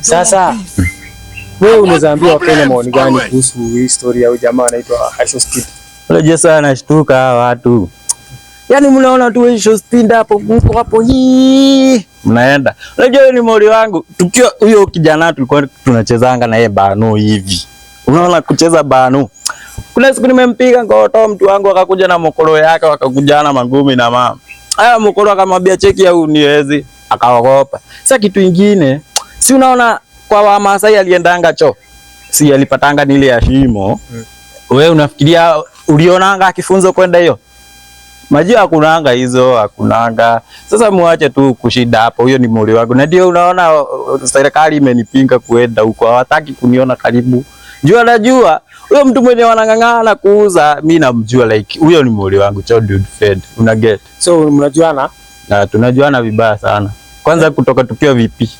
Sasa wewe unazaambia Wakenya maoni gani kuhusu hii story ya jamaa anaitwa Ashospeed? Unajua sana nashtuka hawa watu. Yaani mnaona tu Ashospeed hapo mko hapo hii. Mnaenda. Unajua ni mori wangu. Tukio huyo kijana tulikuwa tunachezanga na yeye bano hivi. Unaona kucheza bano. Kuna siku nimempiga ngoto mtu wangu akakuja na mokoro yake wakakujana mangumi na mama. Aya mokoro akamwambia cheki au niwezi akaogopa. Sasa kitu kingine Si unaona kwa Wamasai aliendanga cho si alipatanga nile ya shimo mm. We unafikiria ulionanga akifunzo kwenda hiyo maji hakunanga hizo hakunanga. Sasa muache tu kushida hapo, huyo ni muli wangu, na ndio unaona uh, serikali imenipinga kuenda huko, hawataki kuniona karibu. Jua najua huyo mtu mwenye wanang'ang'ana kuuza, mimi namjua, like huyo ni muli wangu cho dude fed, una get? So mnajuana? Na tunajuana vibaya sana kwanza, kutoka tukiwa vipi